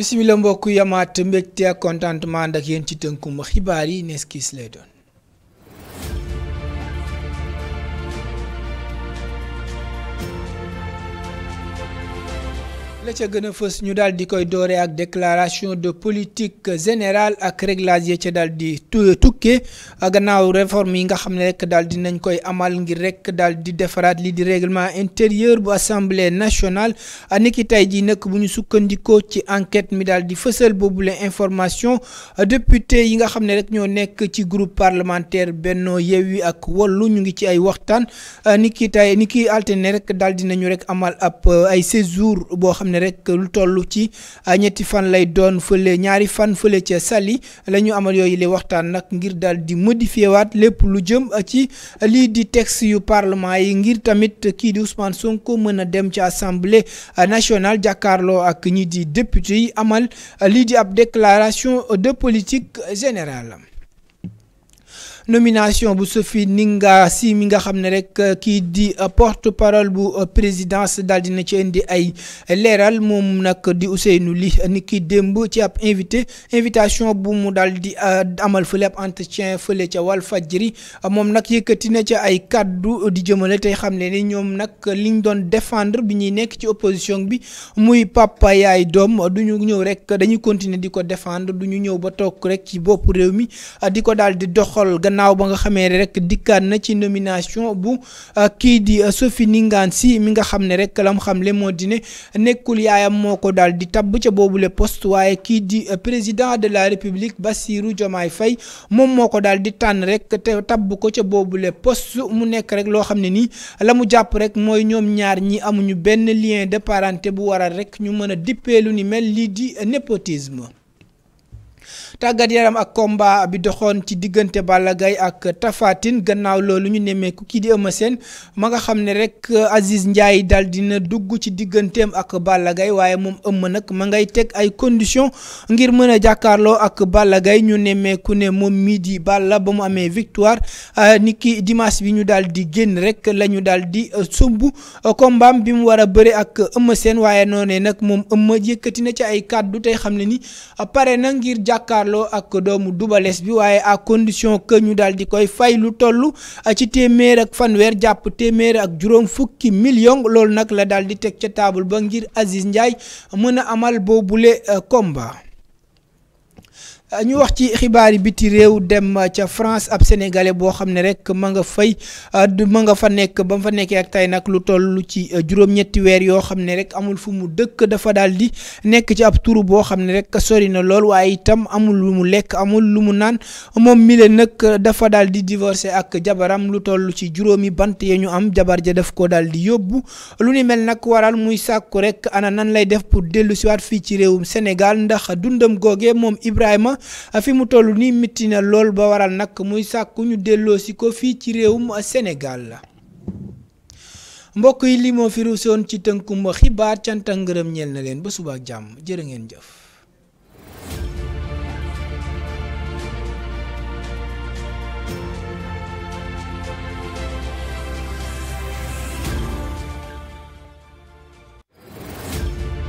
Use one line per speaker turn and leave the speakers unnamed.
bisimilah mbokk yamaat mbégte ak contentement ak yéen ci tënkum xibaar yi nees kiis lay doon. la ca gën fës ñu daal di koy doore ak déclaration de politique générale ak réglage ya ca daal tukke tukkee gannaaw réforme yi nga xam ne rek daal di nañ koy amal ngir rek daal di defaraat lii di règlement intérieur bu assemblée nationale niki tey jii nag bu ñu sukkandikoo ci enquête mi daal di fësal boobule information député yi nga xam ne rek ñoo nekk ci groupe parlementaire Benno yi ak Wallu ñu ngi ci ay waxtaan niki tey niki altine rek daal di nañu rek amal ab ay séjour boo xam rek lu toll ci ah, ñetti fan lay doon fële ñaari fan fële ca sali lañu amal yooyu li waxtaan nag ngir dal di modifié lépp lu jëm ah, ci lii di texte yu parlement yi ngir tamit kii di Ousmane Sonko mën dem ca assemblée national jàkkaarloo ak ñi di député yi amal lii di ab declaration de politique générale. nomination bu Sophie Ninga Sy mi nga xam ne rek euh, kii di euh, porte parole bu euh, présidence daal na ci indi ay leeral moom nag di Ousseynou li ni ki démb ci ab invité invitation bu mu daal di amal fële ab entretien fële ca Walfadjri moom nag yëkkati na ca ay kàddu di jëmale tey xam ne ni ñoom nag liñ doon défendre bi ñuy nekk ci opposition bi muy papa yaay doom du ñu ñëw rek dañuy continuer di ko défendre du ñu ñëw ba toog rek ci bopp réew mi di ko daal di doxal gannaaw ba nga xamee rek dikkaat na ci nomination bu euh, kii di euh, Sophie Ningan si mi nga xam ne rek lam xamle moo di ne nekkul yaayam moo ko daal di tabb ca boobule poste waaye kii di euh, président de la république Bassirou jomaay Faye moom moo ko daal di tànn rek te tabb ko ca boobule post mu nekk rek loo xam ne nii la mu jàpp rek mooy ñoom ñaar ñi amuñu benn lien de parenté bu waral rek ñu mën a dippee ni mel lii di népotisme tàggat yaram ak komba bi doxoon ci diggante Balla ak Tapha Tine gannaaw loolu ñu nemmeeku kii di Eumeu seen ma nga xam ne rek Aziz Ndiaye daal dina dugg ci digganteem ak Balla waaye moom Eumeu nag ma ngay teg ay condition ngir mën a jàkkaarloo ak Balla Gaye ñu nemmeeku ne moom mii di Balla ba mu amee victoire euh, ni ki dimanche bi ñu daal di génn rek la ñu daal di euh, sumb euh, combat bi mu war a bëre ak Eumeu seen waaye noone nag moom Eumeu yëkkati na ci ay kàddu tey xam ne jàkkaarloo ak doomu dubales bi waaye à condition que ñu daal di koy fay lu toll ah, ci téeméer ak fanweer jàpp téeméeri ak juróom fukki million loolu nag la daal di teg ca taabul ba ngir Aziz Ndiaye mën a amal boobule eh, combat. ñu wax ci xibaar yi biti réew dem ca France ab sénégalais boo xam ne rek ma nga fay ah, ma nga fa nekk ba mu fa nekkee ak tey nag lu toll ci ah, juróom-ñetti weer yoo xam ne rek amul fu mu dëkk dafa daal nekk ci ab turu boo xam ne rek sori na lool waaye itam amul lu mu lekk amul lu mu naan moom mi leen nag dafa daal di divorcé ak jabaram lu toll ci juróomi bant yee ñu am jabar ja daf ko daal di yóbbu lu ni mel nag waral muy sàkku rek ana nan lay def pour dellu waat fii ci réewum Sénégal ndax dundam googe moom Ibrahima. fi mu toll ni mitti na lool ba waral nag muy sàkku ñu delloosi ko fii ci réewum la mbokk yi li moo fi ruusoon ci tënkum xibaar cant ak ngërëm na leen ba suba ak jàmm jërë ngeen jëf.